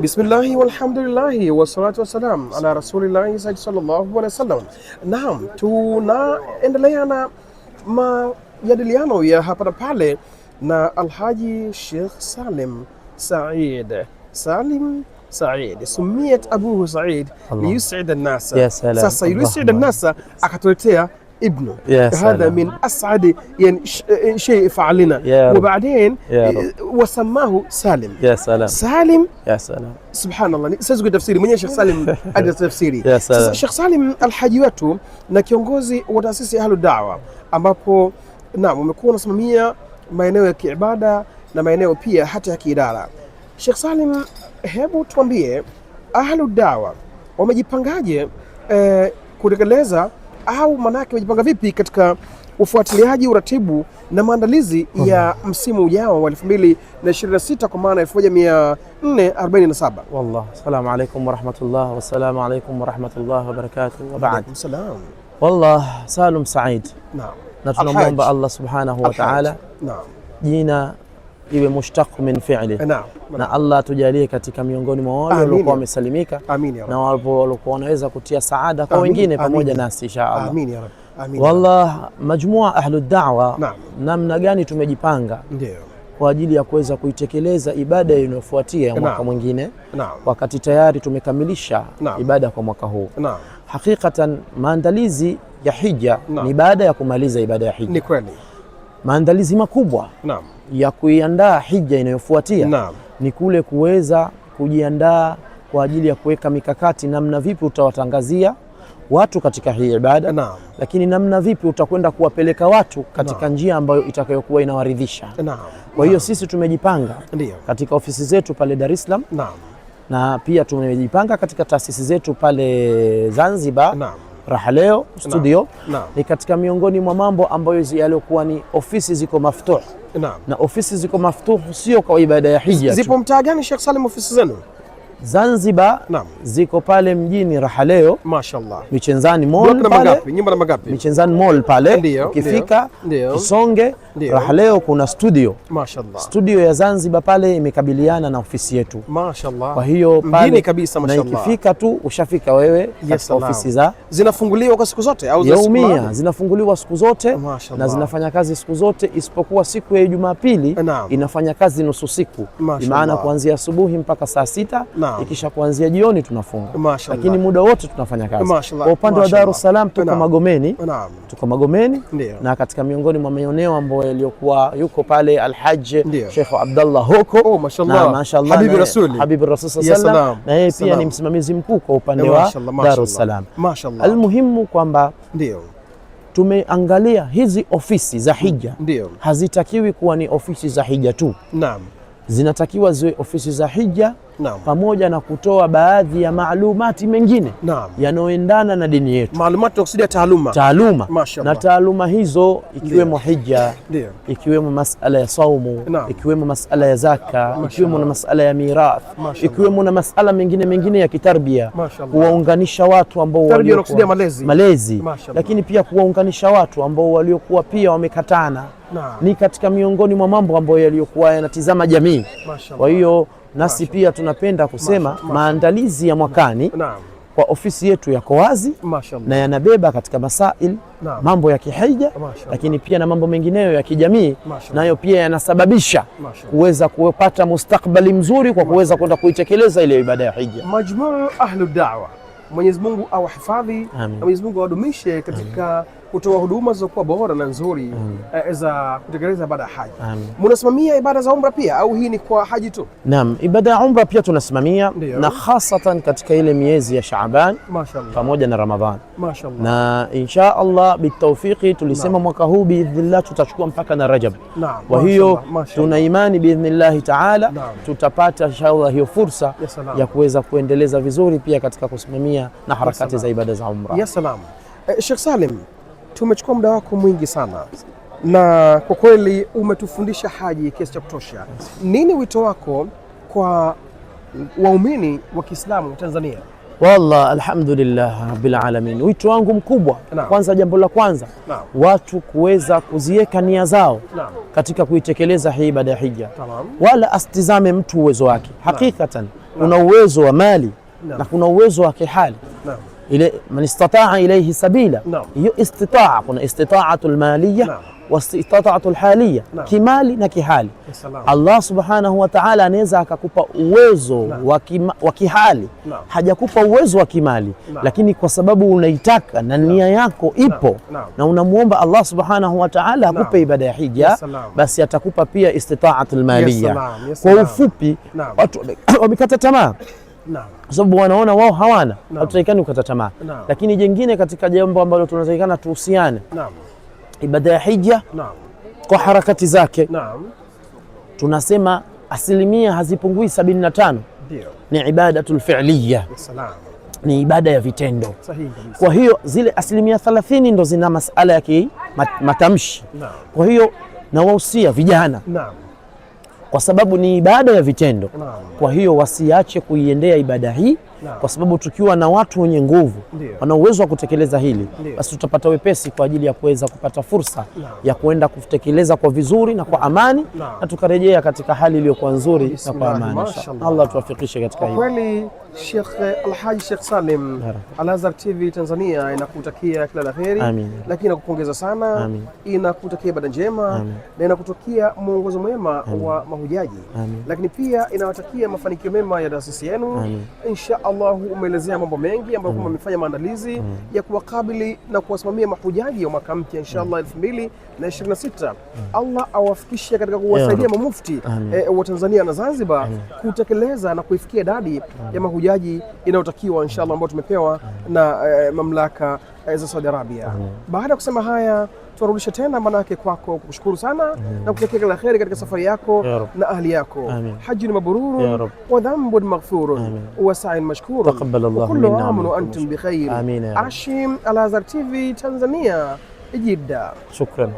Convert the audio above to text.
Bismillahi walhamdulillahi wassalatu wassalam ala rasulillahi sallallahu alaihi wasallam. Naam, tunaendelea na majadiliano ya hapa na pale na Alhaji Sheikh Salim Said Salim Said sumiyat abuhu Said liyusida nasa. Sasa liyusida nasa akatuletea ibnu hadha min asadi shay faalina wa baadain wasamahu salim salim subhanallah siwezi kutafsiri mwenyewe Sheikh Salim atafsiri sasa Sheikh Salim Alhaji wetu na kiongozi wa taasisi Ahlu Dawa ambapo naam umekuwa unasimamia maeneo ya kiibada na maeneo pia hata ya kiidara Sheikh Salim hebu tuambie Ahlu Dawa wamejipangaje eh, kutekeleza au manake wajipanga vipi katika ufuatiliaji, uratibu na maandalizi mm -hmm. ya mhm. msimu ujao wa 2026 kwa maana 1447. Wallah, assalamu alaykum wa rahmatullah, wa salamu alaykum wa rahmatullah wa barakatuh, wa ba'd. Salam. Wallah, Salum Said. Naam. Na tunamwomba Allah subhanahu wa ta'ala. Naam. Jina iwe mushtaq min fi'li eh, na, na Allah tujalie katika miongoni mwa wale waliokuwa wamesalimika na waliokuwa wanaweza kutia saada kwa wengine pamoja nasi insha Allah. Amin ya Rabbi. Amin. Wallah, majmua Ahlud Da'wa namna gani tumejipanga ndio kwa ajili ya kuweza kuitekeleza ibada inayofuatia ya mwaka mwingine, wakati tayari tumekamilisha ibada kwa mwaka huu. Hakikatan maandalizi ya hija ni baada ya kumaliza ibada ya hija, ni kweli maandalizi makubwa Naam ya kuiandaa hija inayofuatia ni kule kuweza kujiandaa kwa ajili ya kuweka mikakati, namna vipi utawatangazia watu katika hii ibada na, lakini namna vipi utakwenda kuwapeleka watu katika na, njia ambayo itakayokuwa inawaridhisha na, kwa hiyo sisi tumejipanga Ndiyo. katika ofisi zetu pale Dar es Salaam na, na pia tumejipanga katika taasisi zetu pale Zanzibar na, Raha Leo studio na, ni katika miongoni mwa mambo ambayo yaliokuwa ni ofisi ziko maftuh na, na ofisi ziko maftuh sio kwa ibada ya hija. Zipo mtaa gani Sheikh Salim ofisi zenu? Zanzibar naam, ziko pale mjini raha leo, mashaallah, Michenzani Mall pale, nyumba namba ngapi? Michenzani Mall pale, ndiyo, ukifika ndiyo, Kisonge raha leo kuna studio mashaallah. Studio ya Zanzibar pale imekabiliana na ofisi yetu mashaallah, kwa hiyo pale mjini kabisa mashaallah, na ikifika tu ushafika wewe katika yes, ofisi za zinafunguliwa kwa siku zote au za siku yaumia, zinafunguliwa siku zote mashaallah, na zinafanya kazi siku zote isipokuwa siku ya Jumapili inafanya kazi nusu siku, maana kuanzia asubuhi mpaka saa sita na ikisha kuanzia jioni tunafunga Mashallah. Lakini muda wote tunafanya kazi Mashallah. Kwa upande wa Dar es Salaam tuko Magomeni, tuko Magomeni na katika miongoni mwa maeneo ambayo yaliyokuwa yuko pale Alhaj Sheikh Abdullah huko oh, Mashallah. Na Mashallah Habibi Rasuli. Habibi Rasul sallallahu na yeye pia ni msimamizi mkuu kwa upande eh, wa Dar es Salaam. Almuhimu kwamba ndio tumeangalia hizi ofisi za hija ndio, hazitakiwi kuwa ni ofisi za hija tu. Naam, zinatakiwa ziwe ofisi za hija pamoja na kutoa baadhi ya maalumati mengine yanayoendana na dini yetu, maalumati tunakusudia taaluma, taaluma na taaluma hizo ikiwemo hija, ikiwemo masala ya saumu, ikiwemo masala ya zaka, ikiwemo na masala ya mirath, ikiwemo na masala mengine mengine ya kitarbia, kuwaunganisha watu ambao waliokuwa malezi, malezi. Lakini pia kuwaunganisha watu ambao waliokuwa pia wamekatana, ni katika miongoni mwa mambo ambayo yaliyokuwa yanatizama jamii, kwa hiyo nasi pia tunapenda kusema Masha. Masha. maandalizi ya mwakani Naam. kwa ofisi yetu yako wazi na yanabeba katika masail Naam. mambo ya kihija lakini pia na mambo mengineyo ya kijamii nayo pia yanasababisha kuweza kupata mustakbali mzuri kwa kuweza kwenda kuitekeleza ile ibada ya hija. Majmuu Ahlu Da'wa, Mwenyezi Mungu awahifadhi na Mwenyezi Mungu awadumishe katika Amin kutoa huduma zilizokuwa bora na nzuri e, za kutekeleza ibada ya haji. Munasimamia ibada za umra pia au hii ni kwa haji tu? Naam, ibada ya umra pia tunasimamia na hasatan katika ile miezi ya Shaaban pamoja na Ramadhan. Mashallah. Na insha Allah bitawfiqi tulisema Naam. mwaka huu biidhnillah tutachukua mpaka na Rajab. Naam. Kwa hiyo tuna imani biidhnillah taala tutapata Allah hiyo fursa ya, ya kuweza kuendeleza vizuri pia katika kusimamia na harakati za ibada za umra. Ya salam. Eh, Sheikh Salim tumechukua muda wako mwingi sana na kwa kweli umetufundisha haji kiasi cha kutosha. Nini wito wako kwa waumini wa Kiislamu Tanzania? Wallah, alhamdulillah rabbil alamin, wito wangu mkubwa na, kwanza jambo la kwanza na, watu kuweza kuziweka nia zao na, katika kuitekeleza hii ibada ya hija, wala asitizame mtu uwezo wake hakikatan kuna uwezo wa mali na, na kuna uwezo wa kihali na ile man istataa ilayhi sabila no. Hiyo istitaa kuna istitaatu lmaliya no. Wastitaatu lhalia no. Kimali na kihali Allah subhanahu wa taala anaweza akakupa uwezo no. wa kihali no. Hajakupa uwezo wa kimali no. Lakini kwa sababu unaitaka na nia yako ipo no. No. na unamwomba Allah subhanahu wa taala akupe no. ibada ya hija basi atakupa pia istitaatu lmaliya kwa ufupi no. watu wamekata tamaa kwa sababu wanaona wao hawana, hatutakikani kukata tamaa. Lakini jengine katika jambo ambalo tunatakikana tuhusiane, ibada ya hija kwa harakati zake tunasema asilimia hazipungui 75 ni ibadatul fi'liya, ni ibada ya vitendo. Kwa hiyo zile asilimia 30 ndo zina masala ya matamshi. Kwa hiyo nawahusia vijana Naam kwa sababu ni ibada ya vitendo. Kwa hiyo wasiache kuiendea ibada hii, kwa sababu tukiwa na watu wenye nguvu wana uwezo wa kutekeleza hili, basi tutapata wepesi kwa ajili ya kuweza kupata fursa ya kuenda kutekeleza kwa vizuri na kwa amani, na tukarejea katika hali iliyokuwa nzuri na kwa amani. Allah tuwafikishe katika hili. Sheikh eh, Alhaji Sheikh Salim Al-Azhar TV Tanzania inakutakia kila la heri, lakini inakupongeza sana Inakutakia ibada njema Na inakutakia mwongozo mwema Amin. wa mahujaji Amin. Lakini pia inawatakia mafanikio mema ya taasisi yenu. Insha Allah umeelezea mambo mengi ambayo kama amefanya maandalizi Amin. ya kuwakabili na kuwasimamia mahujaji wa mwaka mpya insha Allah 2026. Allah awafikishe katika kuwasaidia mamufti e, wa Tanzania na Zanzibar kutekeleza na kuifikia idadi ya mahujaji ujaji inayotakiwa inshallah ambayo tumepewa na eh, mamlaka eh, za Saudi Arabia. Baada ya kusema haya tuwarudishe tena manake kwako kukushukuru sana Amin. na kutakia kila kheri katika safari yako na ahli yako. hajjun mabrurun wa dhanbun maghfurun wa sa'in mashkurun wa kullu amun wa antum bi khair. Ashim Al Azhar TV Tanzania Jidda. Shukran.